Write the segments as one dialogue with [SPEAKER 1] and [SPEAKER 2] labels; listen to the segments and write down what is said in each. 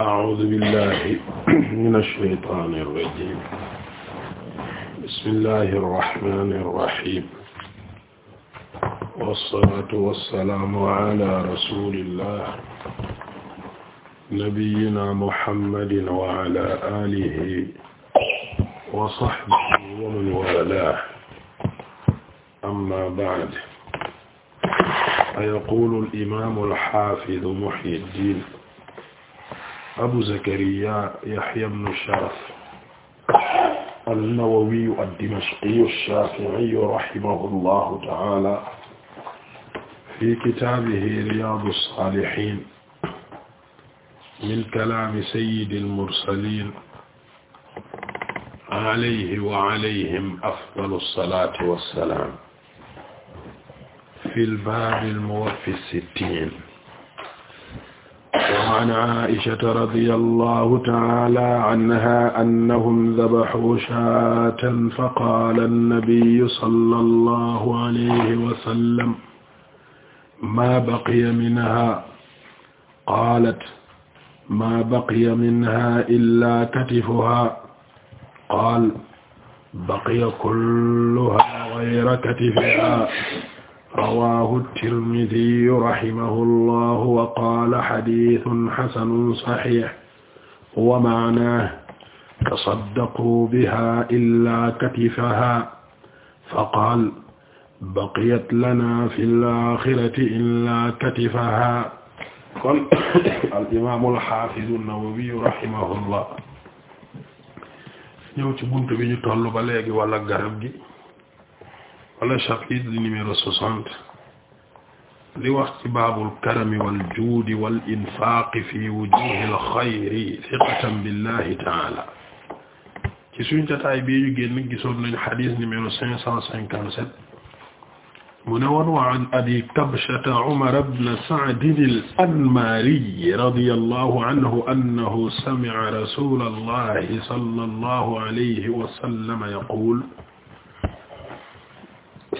[SPEAKER 1] أعوذ بالله من الشيطان الرجيم بسم الله الرحمن الرحيم والصلاة والسلام على رسول الله نبينا محمد وعلى آله وصحبه ومن والاه أما بعد فيقول الإمام الحافظ محي الدين Abu Zakariya Yahya ibn Sharaf an-Nawawi ad-Dimashqi ash-Shafi'i rahimahullahu ta'ala fi kitaabihi Riyaadu s-Saalihiin min kalaami sayyidil mursaliin alayhi wa alayhim afdalu salaati wa salaam fil baabil muwaffi sittiin wa an aishata radiyallahu ta'ala anha annahum dabahuu shaatan faqaala annabiyyu sallallahu alayhi wa sallam maa baqiya minhaa qaalat maa baqiya minhaa illaa katifuhaa qaala baqiya kulluhaa ghayra katifihaa rawaahu tirmidiyu rahimahullahu wa qaala xadiisun xasanun saxiix wa maanaahu tasaddaquu bihaa illaa katifahaa faqaal baqiyat lanaa fil aaxirati illaa katifahaa kon al-imaamul xaafidu nawawiyu rahimahullah ñëw ci buntu bi ñu toll ba léegi wala garab gi. wala chapitre numéro soixante li wax ci baabul karami wal juudi wal infaaqi fi wujuuhil xayri siqatan billahi taala ci suñ jotaay bii ñu génn gisoon nañ xadis numéro cinq cent cinquante sept mu ne woon wa an abi kabshata umar bn saadin al anmaari radiyallahu anhu annahu sami'a rasuulallahi sallallahu alayhi wa sallam yaqul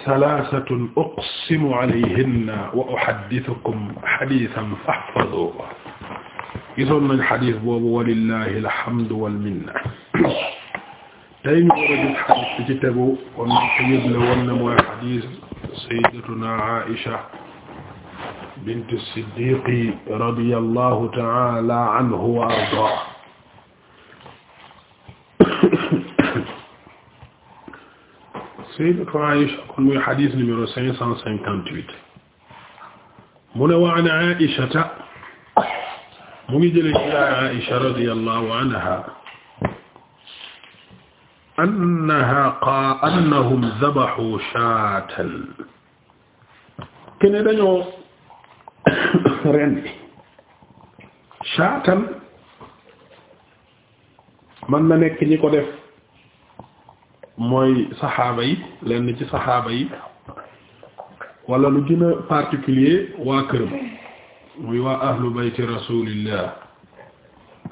[SPEAKER 1] salaasatun uqsimu alayhinna wa uhaddithukum hadiithan fahfadhuu gisoon nañ xadis boobu walillahi alhamdu wal minna tey ñu war a gis xadis bi ci tegu kon ko yëgle woon na mooy xadis sayyidatuna Aisha bint as-Siddiq radiyallahu ta'ala anhu wa ardaahu sayyidatu Aïcha kon muy xadis numéro cinq cent cinquante-huit mu ne wa an Aïchata mu ngi jële ci Aïcha radiyallahu anha annaha qaa annahum zabahu shaatan kene dañoo rendi shaatan man na nekk ñi ko def mooy saxaaba yi lenn ci saxaaba yi walla lu gën a particulier waa këram muy waa ahlu bayti rasulillah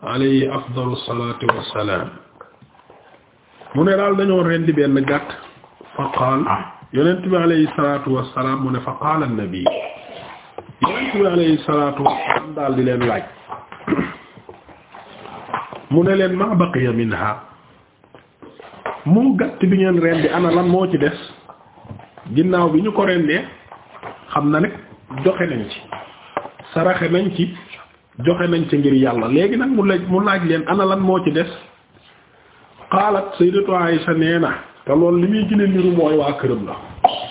[SPEAKER 1] alayhi afdalu salatu wassalam mu ne daal dañoo rendi benn gàtt fa qaal yonent bi alayhi salatu wassalam mu ne fa qaala annabi yonent bi alayhi salatu wassalam daal di leen laaj mu ne leen ma baqiya minha moo gàtt bi ngeen rendi ana lan moo ci des ginnaaw bi ñu ko rendee xam na nag joxe nañ ci saraxe nañ ci joxe nañ ci ngir yàlla léegi nag mu laaj mu laaj leen ana lan moo ci des xaalaat sayyidatu Aisha nee na te loolu li muy gën a mooy waa këram la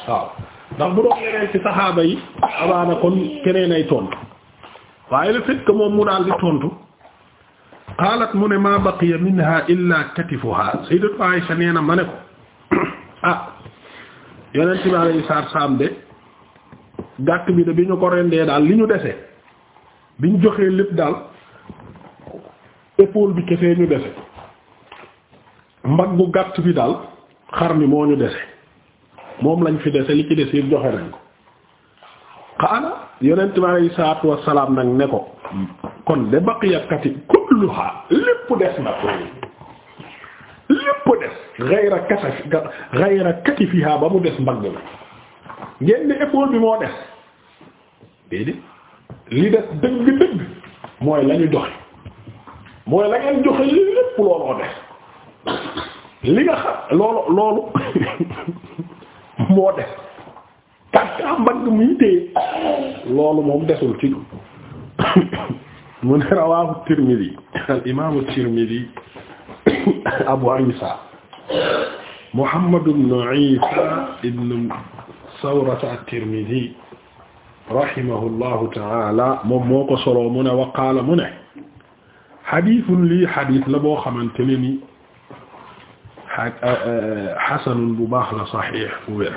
[SPEAKER 1] waaw ndax bu doon yeneen ci saxaaba yi abaana kon keneen ay tontu waaye le fait moom mu daal di tontu. qaalat mu ne ma baqiya minha illa katifuha sayyidatu Aisha na ma ne ko ah yonent bi alayhi salaatu salaam de gàtt bi de bi ñu ko rendee daal li ñu dese bi ñu joxee lépp daal épaule bi kese ñu dese mbaggu gàtt bi daal xar mi moo ñu dese moom lañ fi dese li ci des yëpp joxe nañ ko xaala yonent bi alayhi salaatu wassalaam nag ne ko kon de baqiya kulluha lépp des na lépp des ghayra kasaf ghayra katifiha ba mu des mbagg la ngeen di épaule bi moo des li des dëgg-dëgg mooy la joxe mooy la ngeen joxe lépp looloo des li nga xam loolu loolu moom desul ci mu ne rawaahu Tirmidi al imaamu Tirmidi Abu Isa Muhammad ibn Isa ibn Sawrata at-Tirmidi rahimahullahu ta'ala moom moo ko soloo mu ne wa qaala mu ne xadiisun lii xadiis la boo xamante ne ni xasanun eh, eh, bu baax la saxiix bu wér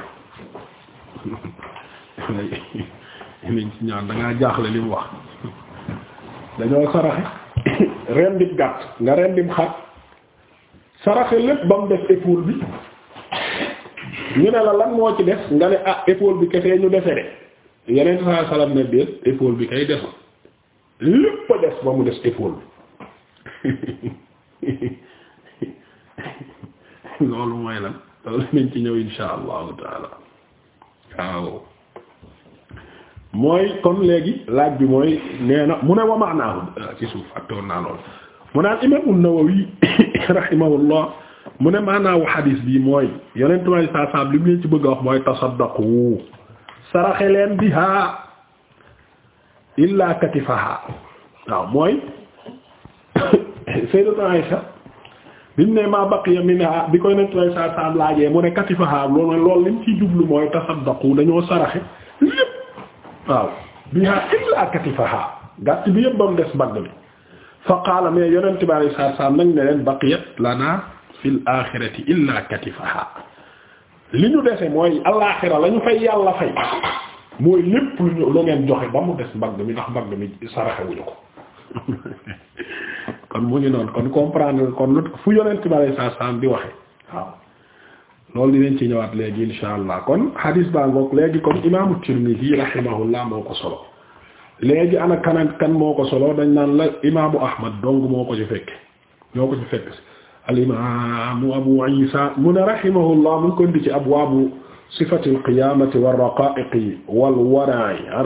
[SPEAKER 1] nañ ci ñaan da ngaa jaaxle li mu wax dañoo saraxe rendim gàtt nga rendim xar saraxe lépp ba mu def épaule bi ñu ne la lan moo ci def nga ne ah épaule bi kese ñu defe de yeneen saa salaam bi kay desul lépp a des ba mu des épaule bi loolu mooy lan loolu nañ ci ñëw insha allahu taala waaw mooy kon léegi laaj bi mooy nee na mu ne wa maanaahu ci suuf ak toon naa lool mu ne maanaawu xadiis bi mooy yonent may saa saam li mu leen ci bëgg a wax mooy tasaddaqu saraxe leen biha illa mooy bi mu ne ma baqiya minha bi ko yonent may saa saam laajee mu ne katifaha loolu loolu lim ci jublu mooy tasaddaqu dañoo saraxe waaw biha illa katifaha gàtt bi yëpp ba mu des mbagg bi fa qaala mais yonent bi alayhi salaatu salaam nañ ne leen baqiyat lana fil aaxirati illa katifaha li ñu dese mooy alaaxira la ñu fay yàlla fay mooy lépp lu ngeen joxe ba mu des mbagg mi ndax mbagg mi saraxewuñu ko kon mu ngi noonu kon comprendre kon lu fu yonent bi alayhi salaatu salaam di waxe waaw loolu dinañ ci ñëwaat léegi insha allah kon hadis baa ngoog léegi kon imaamu Tirmidhi rahimahullah moo ko solo léegi ana kan kan moo ko solo dañ naan la imaamu Ahmad dong moo ko ci fekk ñoo ko ci fekk al imaamu Abu Isa mu ne rahimahullah mu ngi ko indi ci abwaabu sifatil qiyaamati war raqaa'iqi wal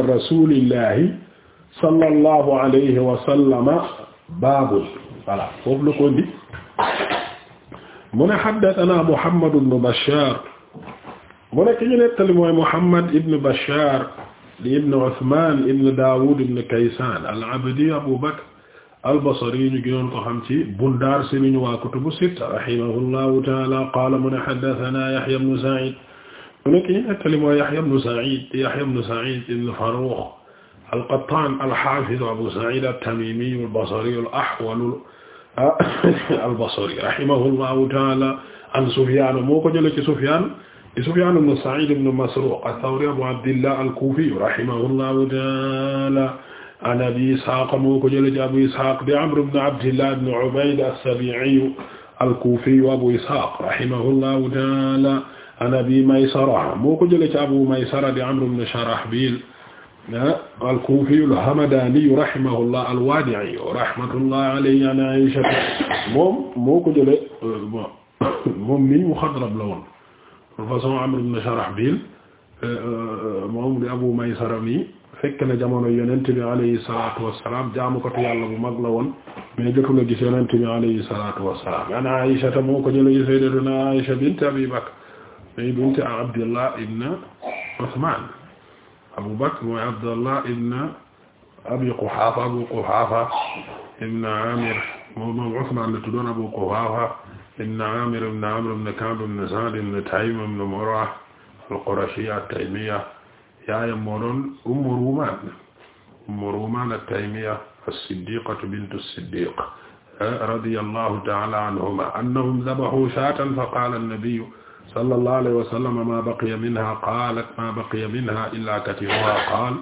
[SPEAKER 1] rasuulillahi sallallahu alayhi wa sallama baabul voilà foofu la ko mu ne haddathana Muhammad ibn Bashar mu ne ki ñu nettali mooy Muhammad ibn Bashar di ibn Uthman ibn Dawud ibn Kaysan al-Abdi Abu Bakr al-Basri ñu gënoon ko xam ci Bundaar sëriñ waa kutubu sitta rahimahullahu ta'ala qala mu ne haddathana Yahya ibn Sa'id mu ne ki ñu nettali mooy Yahya ibn Sa'id Yahya ibn Sa'id ibn Farrukh al-Qattan al-Hafiz Abu Sa'id at-Tamimi al-Basri al-Ahwal al-Basri rahimahullahu ta'ala an Sufyan moo ko jëlee ci Sufyan di Sufyan ibn Sa'id ibn Masruq ath-Thawri Abu Abdillah al-Kufi rahimahullahu ta'ala an Abi Ishaq moo ko jëlee ci Abu Ishaq di Amr ibn Abdillah ibn Ubayd as-Sabi'i al-Kufi Abu Ishaq rahimahullahu ta'ala an Abi Maysara moo ko jëlee ci Abu Maysara di Amr ibn Sharahbil Ah, al-Kuufiyu al-Hamdaaniyu rahimahullah al-Waadi'iyu rahmatullahi alayhi an Aïsha moom moo ko jëlee bon moom nii muxadrab la woon de façon Amr ibn Sharahbil moom di Abu Maysara mi fekk na jamono yonent bi alayhi salaatu wa salaam jaamukatu yàlla bu mag la woon mais jotul a gis yonent bi alayhi salaatu wa salaam an Aïsha ta moo ko jëlee sayyidatuna Aïsha bint Abi Bakr bint Abdillah ibn Usmaan Abu Bakr mooy Abdallah ibn Abi Quhafa Abu Quhafa ibn Amir moom moom Usman la tuddoon Abu Quhafa ibn Amir ibn Amr ibn Ka'b ibn Sa'd ibn Taym ibn Murra al-Qurashiyya at-Taymiyya yaayam moo doon Umm Rumaan Umm Rumaan at-Taymiyya as-Siddiqatu bintu as-Siddiq radiyallahu ta'ala anhuma annahum dhabahu shaatan faqala an-nabiyyu sallallahu alayhi wa sallam ma baqiya minha qaalat ma baqiya minha illa katifuha qaal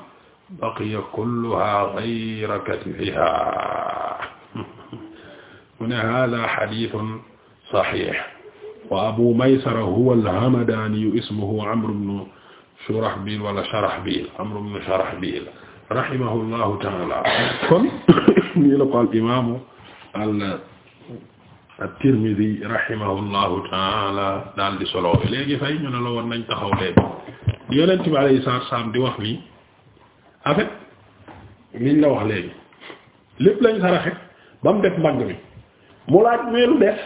[SPEAKER 1] baqiya kulluha ghayra katifiha mu ne hada hadithun sahih wa abu maysara huwa al-hamadani ismuhu amr ibn shurahbil wala sharahbil amr ibn sharahbil rahimahullahu ta'ala kon nii la ko al imaamu al at-Tirmidhi rahimahullahu taala daal di solo léegi fay ñu ne la woon nañ taxaw léegi yonent bi alayhi salaatu salaam di wax nii en fait la wax léegi lépp lañ saraxe ba mu def mbagg mi mu laaj meelu def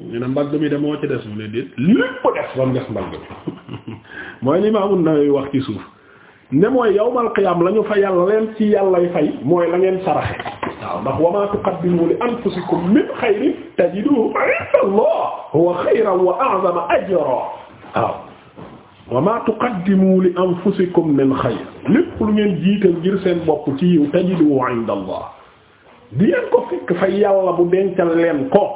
[SPEAKER 1] ñu ne mbagg mi de moo ci des mu ne déet lépp def ba mu def mbagg mi mooy li Imaam An-Nawawi wax ci suuf. ne mooy yawmal qiyam lañu fa yàlla leen ci yàllay fay mooy la ngeen saraxe waaw ndax wa ma tuqaddimu li anfusikum min xayrin tajiduhu inda Allah huwa xayran wa a'zama ajra waaw wa ma tuqaddimu li anfusikum min xayr lépp lu ngeen jiital ngir seen bopp ci yiw tajiduhu inda Allah di ngeen ko fekk fa yàlla bu dencal leen ko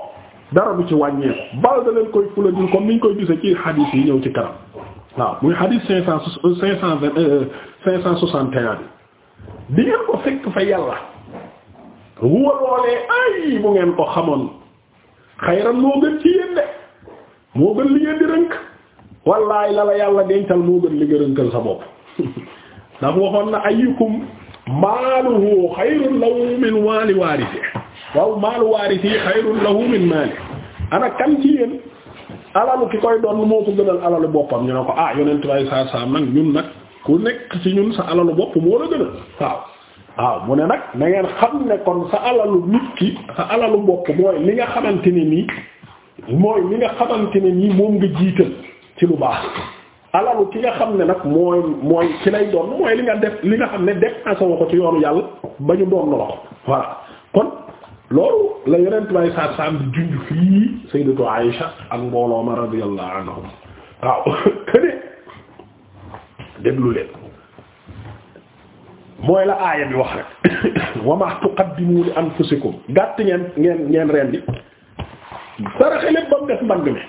[SPEAKER 1] dara du ci wàññeeku bal da leen koy fulajul comme niñ koy gise ci hadith yi ñëw ci kanam waaw muy xadiis cinq cent euh, cinq cent vingt euh, cinq cent soixante bi di ngeen ko fekk fa yàlla huwa loolee ay bu ngeen ko xamoon xayran moo gën ci yéen de moo gën li ngeen di rënk wallaay la yàlla dencal moo gën li nga rënkal sa bopp ndax waxoon na ayyukum maaluhu xayrun lahu min maali waarisi waaw maalu waarisi xayrun lahu min maali ana kan ci yéen alalu ki koy doon moo ko gënal alalu boppam ñu ne ko ah yonent bay saa saa nag ñun nag ku nekk ci ñun sa alalu bopp moo la gënal waaw waaw mu ne nag na ngeen xam ne kon sa alalu nit ki sa alalu bopp mooy li nga xamante ne nii mooy li nga xamante ne nii moom nga jiital ci lu baax alalu ki nga xam ne nag mooy mooy ki lay doon mooy li nga def li nga xam ne def na sa ko ci yoonu yàlla ba ñu doon la ko voilà kon. loolu la yonent bay sa saam di junj fii sayyidatu Aïsha ak mbooloo ma radiyallahu anhum waaw këne déglu leen mooy la aaya bi wax rek wa ma tuqaddimu li anfusikum gàtt ngeen ngeen ngeen rendi saraxe lépp ba mu def mbagg mi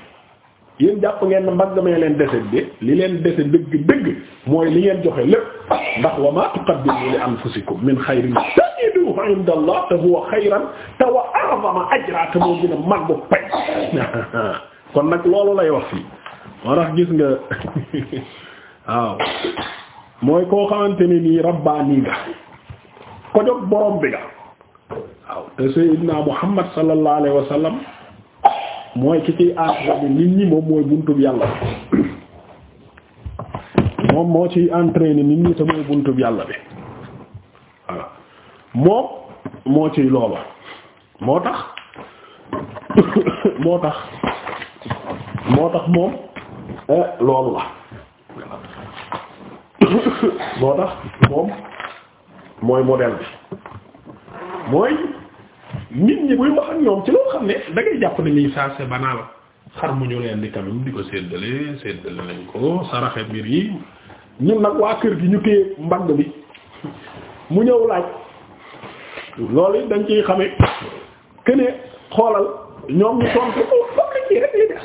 [SPEAKER 1] yéen jàpp ngeen mbagg mee leen dese de li leen dese dëgg mooy li ngeen joxe lépp ndax wa ma tuqaddimu li anfusikum min xayrin tajiduhu inda Allah te huwa xayran te wa a'zama ajra te moo gën a mag bu pay kon nag loolu lay wax fii moo tax gis nga waaw mooy koo xamante ne nii rabbaani nga ko jóg borom bi nga waaw te sayyidina Muhammad sallallahu alayhi wa sallam mooy ki ciy nit ñi moom mooy buntu yàlla moom moo ci entraîné nit ñi te buntu buntub yàlla bi voilà moom moo ciy loola moo tax moo tax moo tax moom eh, loolu la moo tax moom mooy modèle bi mooy nit ñi buy wax ak ñoom ci loo xam ne da ngay jàpp ne lii ça c'est banal xar mu ñu leen di tamit di ko séddale séddale nañ ko saraxe mbir yi ñun nag waa kër gi ñu téye mbagg bi mu ñëw laaj loolu it dañ ciy xame kene xoolal ñoom ñu tontu oh foog la ci rek li des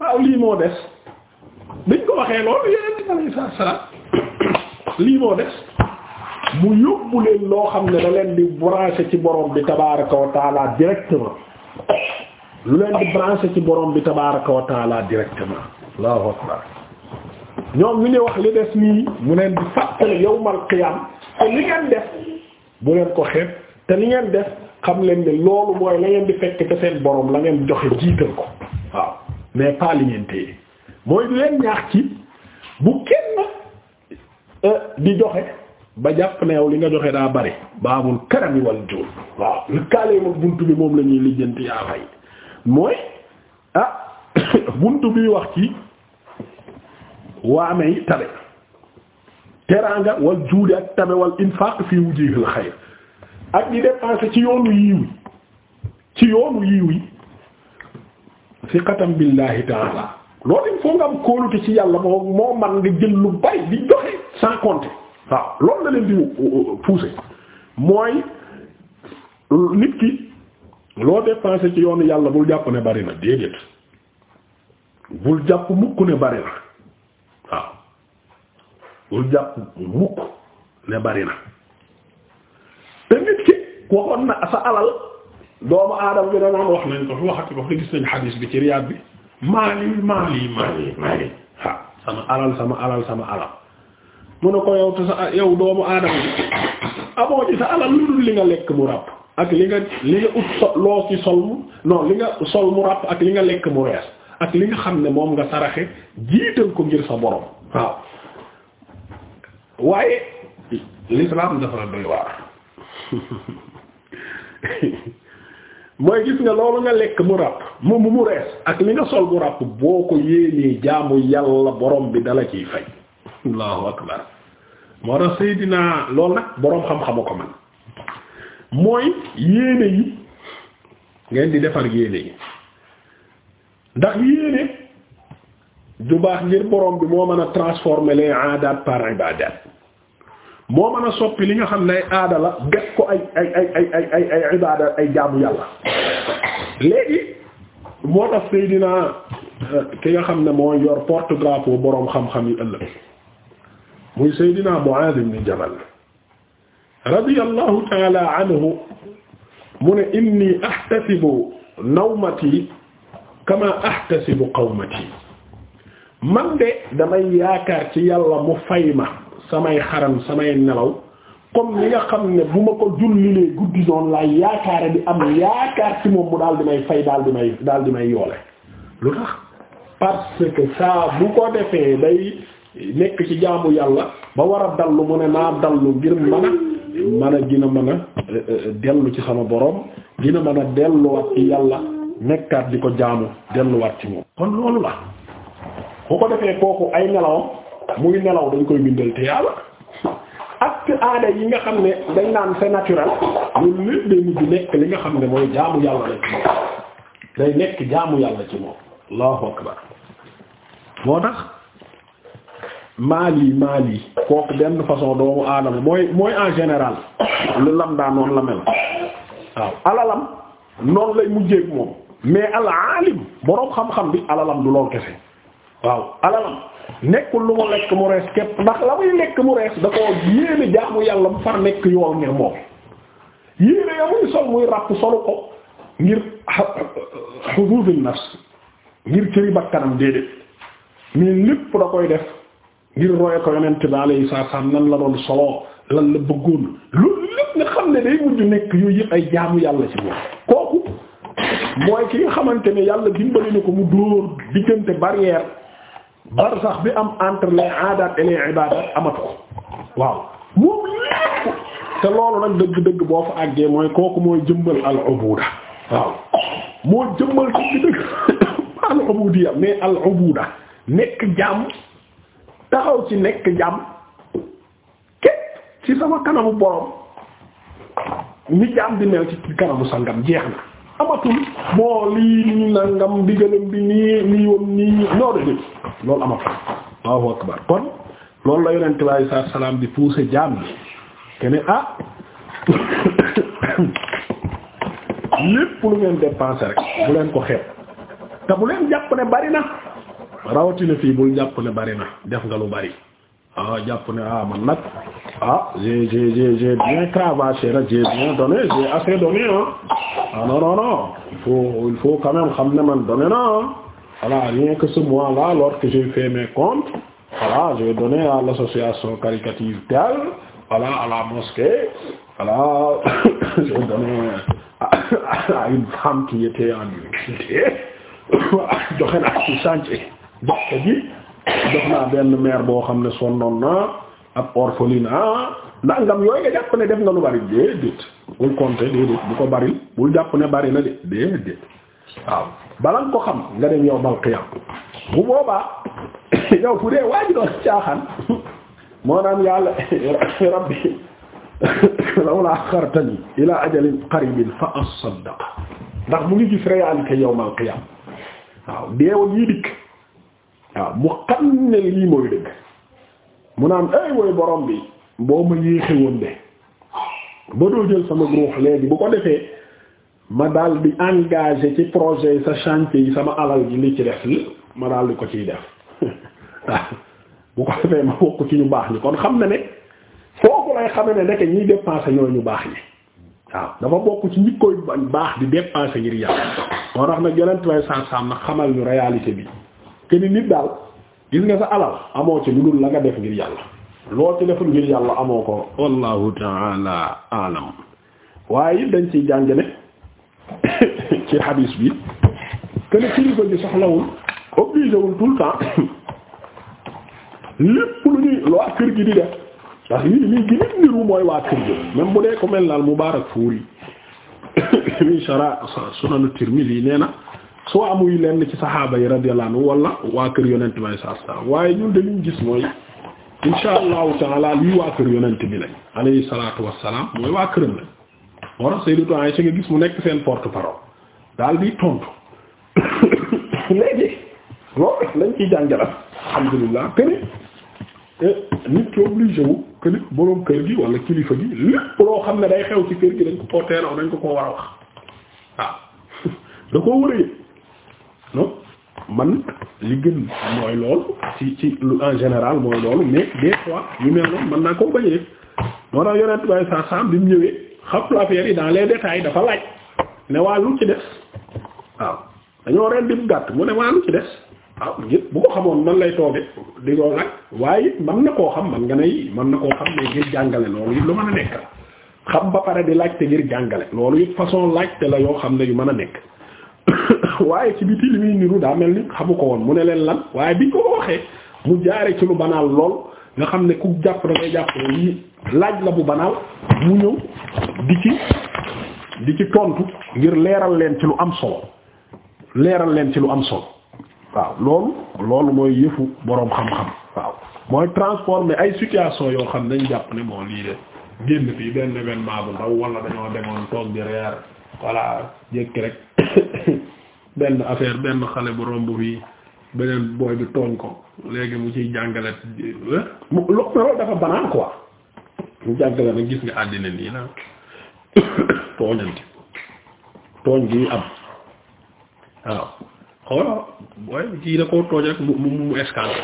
[SPEAKER 1] waaw lii moo des dañ ko waxee loolu yonent bi alayhi salaatu lii moo des mu yóbbu leen loo xam ne da leen di branché ci borom bi tabaaraka wa taala directement lu leen di branché ci borom bi tabaaraka wa taala directement Allahu ñoom ñu ngi wax li des nii mu neen di fàttali yawmal qiyaam te li ngeen def bu leen ko xeeb te li ngeen def xam leen ne loolu mooy la ngeen di fekk ca seen borom la ngeen joxe jiital ko waaw mais pas li ngeen téye mooy di ci bu kenn euh, di joxe ba jàpp ne yow li nga joxe daa bari baabul karami wal juul waaw lu kaalee ma buntu bi moom la ñuy lijjanti yaa fay mooy ah buntu wax ci. waame yi tabe teraanga wal juudi ak tabe wal infaq fii wujuhil xayr ak di dépenser ci yoonu yiw ci yoonu yiw yi siqatan billahi ta'ala loolu il faut nga am kóolute ci yàlla moo moo man nga jël lu bay di joxe sans compter waaw loolu la leen di uh, uh, pousser mooy nit ki loo dépenser ci yoonu yàlla bul jàpp ne bari na déedéet bul jàpp mukk ne bari na waaw bul jàpp mukk ne bari na te nit ki waxoon na sa alal doomu aadama bi danoon wax nañ ko fi waxati ko fi gis nañ xadiis bi ci riyaat bi maali maali maali maali sama alal sama alal sama alal mu ne ko yow te sa yow doomu aadama bi amoo ci sa alal lu dul li nga lekk mu ràpp ak li nga li nga ut so loo ci sol mu non li nga sol mu ràpp ak li nga lekk mu rees ak li nga xam ne moom nga saraxe jiital ko ngir sa borom waaw waaye l'islam dafa la doy waar mooy gis nga loolu nga lekk mu ràpp mu mu rees ak li nga sol bu ràpp boo ko yéenee jaamu yàlla borom bi dala ciy fay allahu akbar moo tax Seydina loolu nag boroom xam-xamu ko man mooy yéene yi ngeen di defar yéene yi ndax yéene ju baax ngir boroom bi moo mën a transformer les aadaat par ibaadaat moo a soppi li nga xam ne ay aada la def ko ay ay ay ay ay ay ay yàlla léegi moo tax Seydina euh, ki nga xam ne moo yor porte-drapeau boroom xam-xam yi ëllëg muy Seydina Muaaz ibn Jabal radiyallahu ta'ala anhu mu ne inni ahtasibu nawmati kama ahtasibu qawmati man de damay yaakaar ci yàlla mu fay ma samay xaram samay nelaw comme li nga xam ne bu ma ko jullilee guddi doon laa yaakaare di am yaakaar ci moom mu daal di may fay daal di may daal di may yoole lu tax parce que saa bu ko defee day nekk ci jaamu yàlla ba war a dallu mu ne naa dallu ngir mën a mën a gën a mën a eh, eh, eh, dellu ci sama borom gën a mën a delluwaat ci yàlla nekkaat di ko jaamu delluwaat ci moom kon loolu la bu ko defee kooku ay nelawam muy nelaw dañ koy bindal te yàlla ak aada yi nga xam ne dañ naan c'est naturel loolu lépp day mujj nekk li nga xam ne mooy jaamu yàlla la ci moom day nekk jaamu yàlla ci moom allahu akbar moo tax maali maali kooku benn façon doomu aadama mooy mooy en général lu lam daa noonu la mel waaw alalam noonu lay mujjee moom mais al alim boroom xam-xam bi alalam du lool kese waaw alalam nekkul lu mu lekk mu rees képp ndax la muy lekk mu rees da koo yéene jaamu yàlla mu far nekk yool ngir moom yéene ya muy sol muy ràpp solu ko ngir hududun nafs ngir cëri bakkanam déedéet mais lépp da koy def ngir roye ko yonent bi alayhi salaam nan la doon solo lan la bëggoon loolu lépp nga xam ne day mujj nekk yooyu yëpp ay jaamu yàlla ci moom kooku mooy ki xamante ne yàlla dimbali na ko mu dóor diggante barrière bar sax bi am entre les aadaat et les amatu ko waaw moom lépp te loolu nag dëgg-dëgg boo fa àggee mooy kooku mooy jëmbal al ubuda waaw moo jëmbal dëgg-dëgg al ubudiya mais al ubuda nekk jàmm taxaw ci nekk jàmm képp ci sama kanamu borom ni jàmm di mel ci kanamu sangam jeex na amatul moo lii nii la ngam digalam bi nii lii wam nii noo de dé loolu amatul Allahu akbar kon loolu la yonente bi alei salatua di pousser jaam bi kene ah lépp lu ngeen dépenser rek bu leen ko xeeb te bu leen jàpp ne bari na rawatina fii bul jàpp ne bari na def nga lu bari ah jàpp ne ah man nag ah j'ai j'ai j'ai j'ai bien cravaché ah, non non non il faut il faut quand même xam ne man donné na voilà rien que ce mois-là alors que j'ai fait mes comptes voilà j'ai donné à l'association caritative telle voilà la mosquée voilà j'ai donné à une femme qui était en difficulté joxe naa ci chantier jox naa benn maire boo xam ne sonnoon na ab orphelinat ah, ndax ngam yooyu nga jàpp ne def nga lu bari déedéet bul compter déedéet bu ko bari bul jàpp ne bari na de déedéet waaw bala ko xam nga dem yow bal bu boobaa yow fu dee waa doon caaxaan moo naan yàlla rabbi lawlaa axxartanii ilaa ajalin qariibin fa asaddaqa ndax mu ngi gis réalité yawmal qiyaama waaw deewa ñii dikk waaw mu xam ne lii mooy dëgg mu naan ay mooy borom bi boo ma yéexe woon de ba doo jël sama ruux léegi bu ko defee ma daal di engagé ci projet yi sa chantier yi sama alal ji li ci def li ma daal di ko ciy def ah, bu ko defee ma bokk ci ñu baax ni kon xam na ne foofu lay xame ne ndeke ñiy dépensé ñooy ñu baax ñi waaw dafa bokk ci ñi koy baax di dépensé ngir yàlla moo tax nag yonent lay saam-saam nag xamal ñu réalité bi keni nit daal gis nga sa alal amoo ci lu dul la def ngir yàlla loo ci deful ngir yàlla amoo ko wallahu ta'ala alam waaye dañ ciy jàngale ci hadis bi kene kilifa ji soxlawul obligé wul tout le temps lépp lu ñuy lu waa kër gi di de ndax lii lii gi nit niru mooy waa kër gi même bu dee ko mel naal Mubaarak Fuuri min shara Sunan Tirmidhi nee na soo amuy lenn ci saxaaba yi radiyallahu anhu wala waa kër yonent bi saa saa waaye ñun dañuy gis mooy insha allahu taala lii waa kër yonent bi lañ alayhi wassalaam mooy waa këram lañ moo tax Sayyidatu Aisha nga gis mu nekk seen porte-parole daal di tontu léegi loolu lañ ciy jàngalam alhamdulillah këri eh, nit ki obligé wu que nit boroom kër gi wala kilifa gi lépp loo xam ne day xew ci kër gi dañ ko porter dañ ko koo war a wax da koo wër non man li gën mooy loolu ci ci en général mooy loolu mais des fois yu mel noonu mën naa koo bañ rek moo tax yonent bay sa bi mu yi dafa laaj ne waa lu ci des waaw dañoo mu ne waa ngir bu ko xamoon man lay tooge di laaj waaye it mën na koo xam man nga ne mën na koo xam ne ngir jàngale loolu it lu mën a nekk xam ba pare di laajte ngir jàngale loolu it façon laajte la yoo xam ne yu mën a nekk waaye ci bi li muy niru daa mel ni xamu ko woon mu ne leen lan waaye biñ ko waxee mu jaare ci lu banaal lool nga xam ne ku jàpp da ngay jàpp yi laaj la bu banaal mu ñëw di ci di ci tontu ngir leeral leen ci lu am solo leeral leen ci lu am solo waaw loolu loolu mooy yëfu boroom xam-xam waaw mooy transformer ay situation yoo xam dañ jàpp ne moo lii de génn fii benn événement bu ndaw wala dañoo demoon toog di reer voilà jékki rek benn affaire benn xale bu romb fii beneen booy bi tooñ ko léegi mu ci jàngale eh, mu loolu dafa banaan quoi mu jàngale nag gis nga àddina nii la tooñante tooñ gi am waaw xoola booy bi kii da koo tooñ rek mu mu mu escanté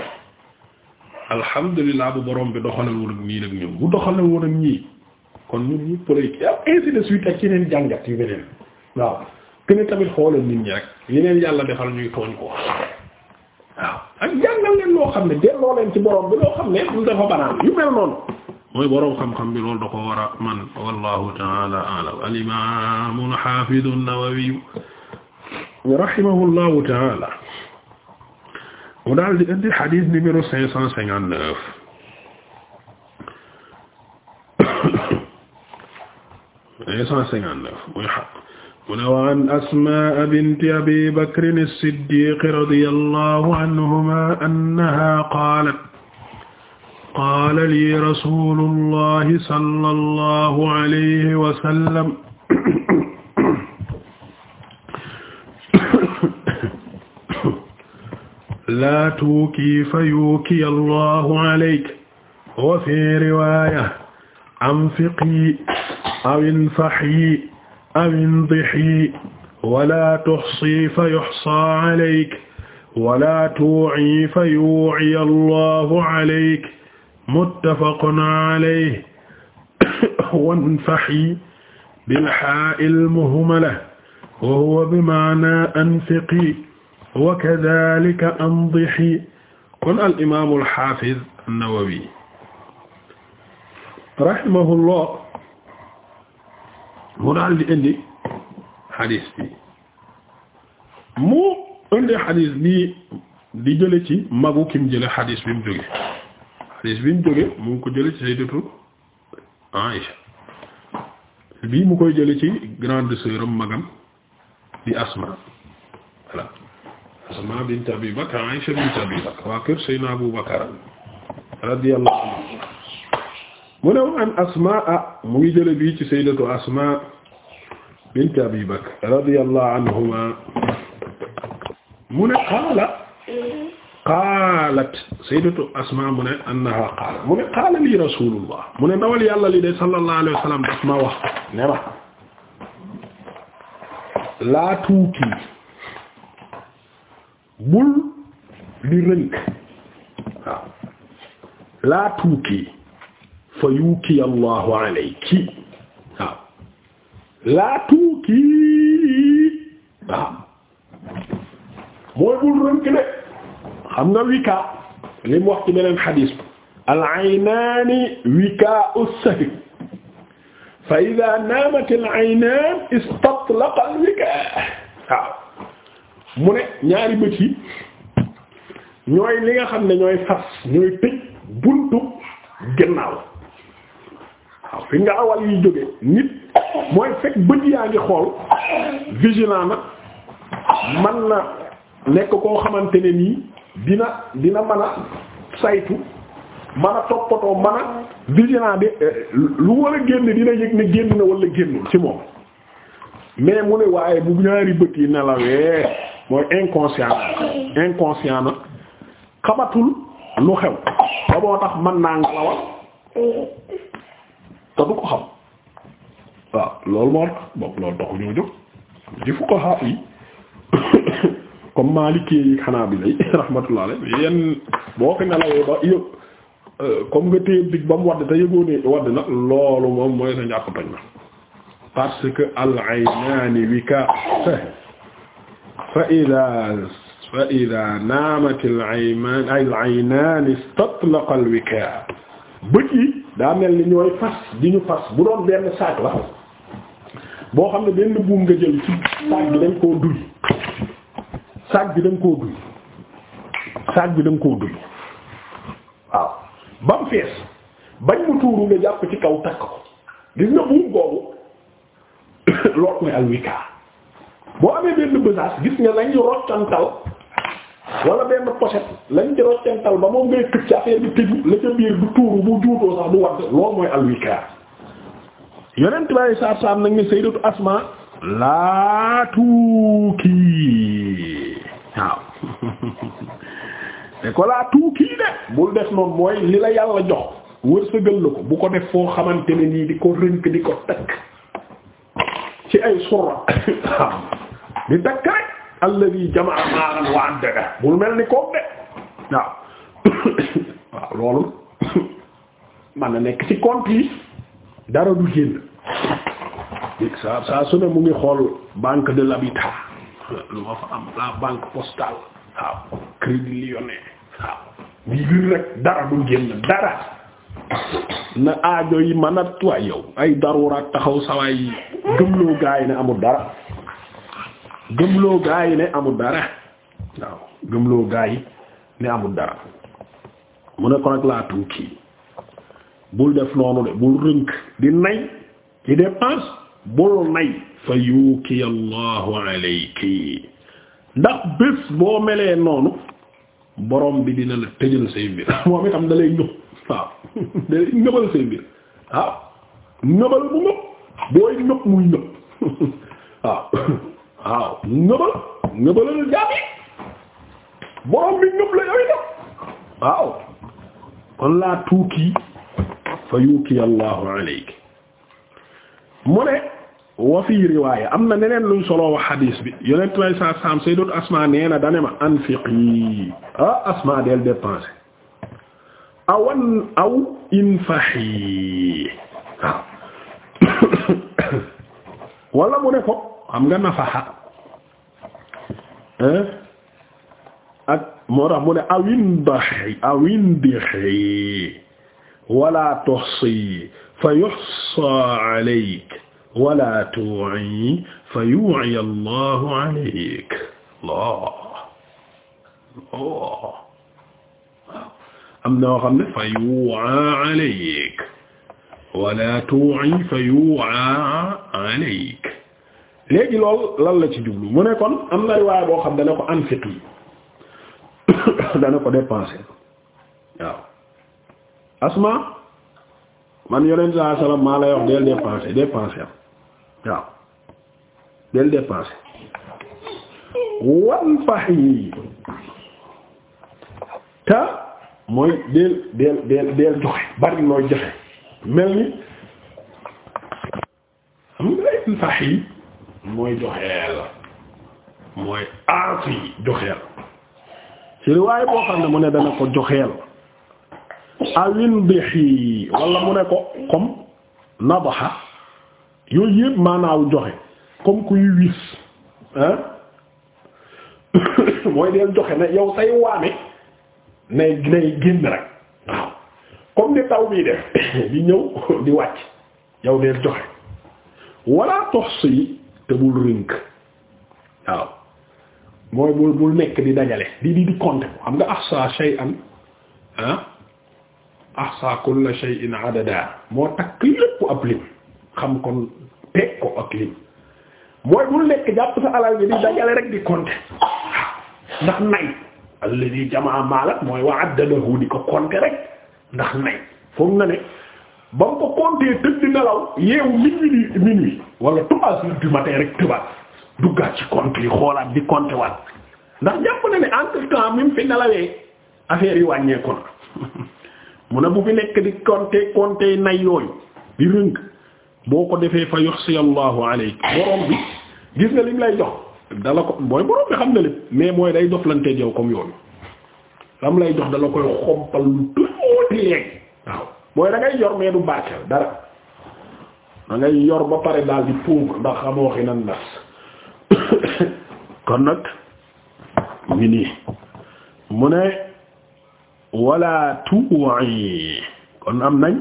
[SPEAKER 1] alhamdulilah bu borom bi doxale woon ak nii nag ñun bu doxale ak ñii kon ñun ñëpp lay kii ainsi de suite ak yeneen jàngat yu beneen waaw kene tamit xoolal nit ñi rek yeneen yàlla defal ñuy tooñ ko waaw ak jàngal leen loo xam ne delloo leen ci borom bi loo xam ne du dafa banaan yu mel noonu mooy borom xam-xam bi loolu da ko war a man wallahu taala alam al imam al haafid an-Nawawi rahimahullahu taala mu daal di indi hadith numéro cinq cent cinquante neuf cinq cent cinquante neuf mooy mu ne waan asmaa binti abi bakrin as-siddiq radiyallahu anhuma annaha qaalat qaala lii rasulullahi sallallahu alayhi wa sallam laa tuukii fayuuki allahu alayki wa fii riwaaya anfiqi aw infaxi amindixi wala tuxsi fa yuxsa alayk wala tuuci fa yuuci allahu alayk muttafaqun alayhi wanfaxi bilxaa'i almuhmala wa huwa bimaanaa anfiqi wa kadaalika amdixi kon al imaamul xaafiz an-Nawawi rahimahullah mu daal di indi xadis bi mu indi xadis bi di jële ci magu kim jële xadis bi mu jóge mu mu ko jële ci sayyidatu Aïcha bii mu koy jële ci grande sœur am magam di Asma voilà Asma bint Abi Bakr Aïcha bint Abi waa kër Seydina Abu Bakr radiyallahu anhu mu ne an asmaa mu ngi jële bii ci sayyidatu asmaa bint abi bakr radiyallahu anhuma mu ne qaala qaalat sayyidatu asmaa mu ne annaha qaala mu ne qaala li rasulullah mu ne ndawal yàlla li de sallallahu alayhi wa sallam daf ma wax ne ma laa tuuti bul di rënk waaw laa tuuti fa yuuki allahu alayki waaw laa tuuki waaw mooy bul rënk de xam nga wika li mu beneen xadiis al aynaani wikaa'u sahik fa idaa naamat al aynaan istatlaqa al wikaa' mu ne ñaari bët yi ñooy li nga xam ne ñooy fas ñooy tëj buntu gannaaw waaw fi nga yi jóge nit mooy fekk bët yaa ngi xool vigilant na man na nekk koo xamante ne nii dina dina mën saytu mën a toppatoo mën a de euh, lu war a génn dina yëg ne génn na wala génnul ci moom mais mu ne waaye bu ñaari bët yi nelawee mooy inconscient inconscient na xamatul lu xew ba moo tax mën naa ngalawal te du ko xam waaw loolu moo tax bokk loolu di fuqaha yi comme Maliki yi rahmatullah alayhi yenn boo fi nelawee ba yëpp euh, comme nga na loolu moom mooy sa njàpp toj na parce que al-aynaani wika fa idaa fa idaa al-aynaani istatlaqa al-wikaa daa mel ni ñooy fas di ñu fas bu doon benn saak la boo xam ne benn buum nga jël ci saak bi dañ koo duy saak bi dañ koo duy saak bi dañ koo duy waaw ba fees bañ mu tuuru nga jàpp ci kaw takk ko gis nga buum googu loolu mooy alwika boo amee benn bësaas gis nga lañu roccantal wala benn pochette lañ ci roccental ba moom ngay tëj ci affaire bi tëju la ca biir du tuuru bu juutoo sax du wadd loolu mooy alwikaar yonent bàyyi saar saam nag ni sayyidatu asma laa tuukii waaw te ko laa tuukii de bul def noonu mooy li la yàlla jox wërsëgal la ko bu ko def foo xamante ne nii di ko rënk di ko takk ci ay surra di takk rek alladi jamaa maalan wa addada bul mel ni koom waaw waaw loolu man na nekk ci compte yi dara du génn saa su ne mu ngi xool banque de l'habitat lu ma fa am la banque postale waaw crédit lyonnais waaw di gën rek dara du génn dara na aajo yi man a yow ay daruraat taxaw sawaay gëmloo gaay ne amul dara gëmloo gaa yi ne amul dara waaw gëmloo gaa yi ne amul dara mu ne ko nag laa tuuti bul def noonu de bul rënk di nay ci dépense bul nay fa yuuki allahu ndax bés boo melee noonu borom bi dina la tëjal say mbir moom itam da lay ñëw waaw da lay say mbir waaw ñëbal bu ñëpp booy ñëpp muy ñëpp waaw waaw ngëbal ngëbalal jaam yi borom bi ngëb la yooyu def waaw kon laa tuuki fa yuuki allahu alayk mu ne wa fii riwaaya am na neneen luñ soloo wax xadiis bi yonent may sa saam sayyidatu asma nee na dane ma anfiqi ah asma del dépenser awan aw infahi xam nga nafaxa ak moo tax mu ne awindaxi awindixi wala toxsi fa yuxsa alayk wala tu'i fa yu'i allahu alayk Allah Allah am na yoo xam ne fa yu'a alayk wala tu'i fa yu'a alayk léegi loolu lan la ci jublu mu ne kon am na riwaay boo xam dana ko anfiq yi dana ko dépenser waaw asma man yonent saa salaam maa lay wax del dépenser dépenser am waaw del dépenser wan fax yi te mooy del del del del joxe bari nooy joxe mel ni am nga fax yi mooy joxeel mooy aasi joxeel ci riwaay boo xam ne mu ne dana ko joxeel awin bixi wala mu ne ko comme nabaxa yooyu yëpp maanaaw joxe comme kuy wis mooy deel joxe ne yow say waame nay nay rek waaw comme taw bii def di ñëw di wàcc yow deel joxe wala tox si te bul rënk waaw mooy bul bul nekk di dajale di di di compter xam nga ahsa shay'an ah ahsa kulla shay'in adada moo takk lépp ab lim xam kon teg ko ak lim mooy bul nekk jàpp sa alal ji di dajale rek di compter ndax nay alladhi jamaa maalan mooy wa addadahu di ko compter rek ndax nay foog nga ne ba mu ko compter tëdd di nelaw yeewu minuit di minuit wala trois heures du matin rek tëbaat duggaat ci compte yi xoolaat di compter waat ndax jàpp na ne entre temps mi mu fi nelawee affaire yi wàññeeku na mu ne bu fi nekk di compter compter nay yooyu di rëng boo ko defee fa yox allahu alayk borom bi gis nga lim lay jox dala ko mooy borom bi xam na lépp mais mooy day doflanteeg yow comme yooyu lam lay jox dala koy xompal lu tuuti léegi waaw. booy da ngay yor mais du barkeel dara da yor ba pare daal di puug ndax amoo xi nas kon nag mi nii mu ne wala tu'i kon am nañ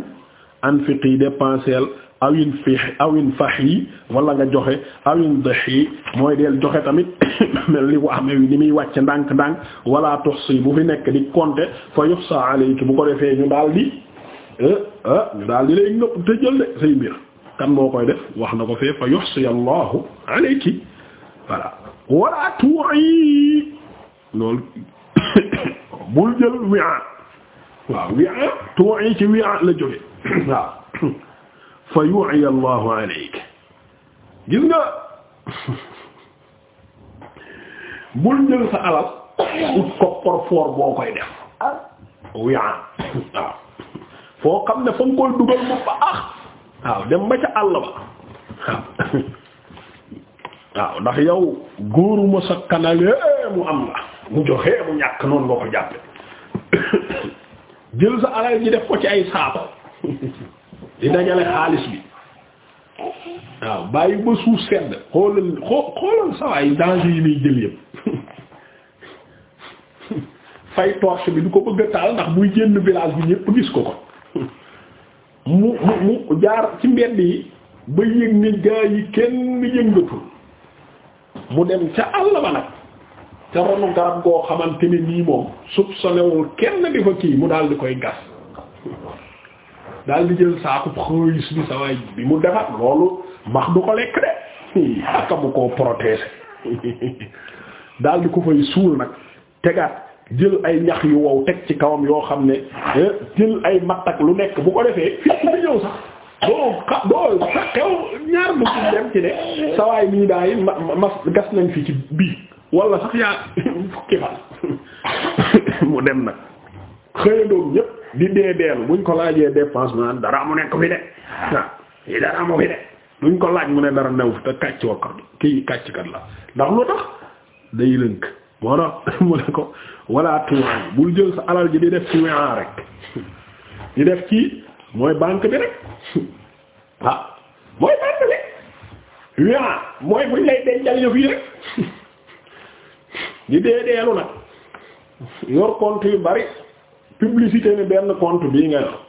[SPEAKER 1] anfiqi dépenseel awin fi awin fax yi wala nga joxe awin dëx yi mooy deel joxe tamit mel ni waame wi ni muy wàcc ndànk-ndànk wala tuxsi bu fi nekk di compter fa yuxsa alayki bu ko defee ñu daal di ah ñu daal di lay nëpp te jël de say mbir kan moo koy def wax na ko fee fa yuhsi allahu alayki voilà wala tu'i loolu bul jël wi'a waaw wi'a tu'i ci wi'a la jóge waaw fa yu'i allahu alayk gis nga bul jël sa alal ut ko porfor boo koy def wi'a waaw foo xam ne fa nga koy dugal bu baax waaw dem ba ca àll ba waaw ndax yow góoruma sa kanale mu am la mu joxe mu ñàkk noonu nga ko jàppe jël sa alal ji def ko ci ay saako di dajale xaalis bi waaw bàyyi ba suuf sedd xoolal xoolal sawaay danger yi muy jël yëpp fay torche bi du ko bëgg taal ndax buy génn village bi ñëpp gis ko ko mu mu mu jaar ci mbedd yi ba yëg ni gaa yi kenn yëngatu mu dem ca àll ba nag ca ronu garab goo xamante ni nii moom suuf sonewul kenn di fa kii mu daal di koy gas daal di jël saakub xëyis bi sa waay bi mu defar loolu max du ko lekk de akamu koo protéger daal di ko fay suul nag tegaat jël ay ñax yu wow teg ci kawam yoo xam ne eh, jël ay mattak lu nekk bu ko defee fii ci ñëw sax doo xa doo sa xew ñaar bu ci dem ci ne sawaay mii daay ma ma gas nañ fi ci bii wala sax yaa fukki fan mu dem nag xëyandoom ñépp di dee deelu buñ ko laajee dépense mu dara mu nekk fi de waaw ah, yi dara mu fi de buñ ko laaj mu ne dara new fi te kàcc wakkat kii kàcckat la ndax lu tax day lënk moo tax mu ne ko wala tuwaan bul jël sa alal ji di def ci wéan rek di def ci mooy banque bi rek waaw mooy banque bi wéan mooy buñ lay dencal yëf rek di dee deelu nag yor compte yu bari publicité ni benn compte bii nga yor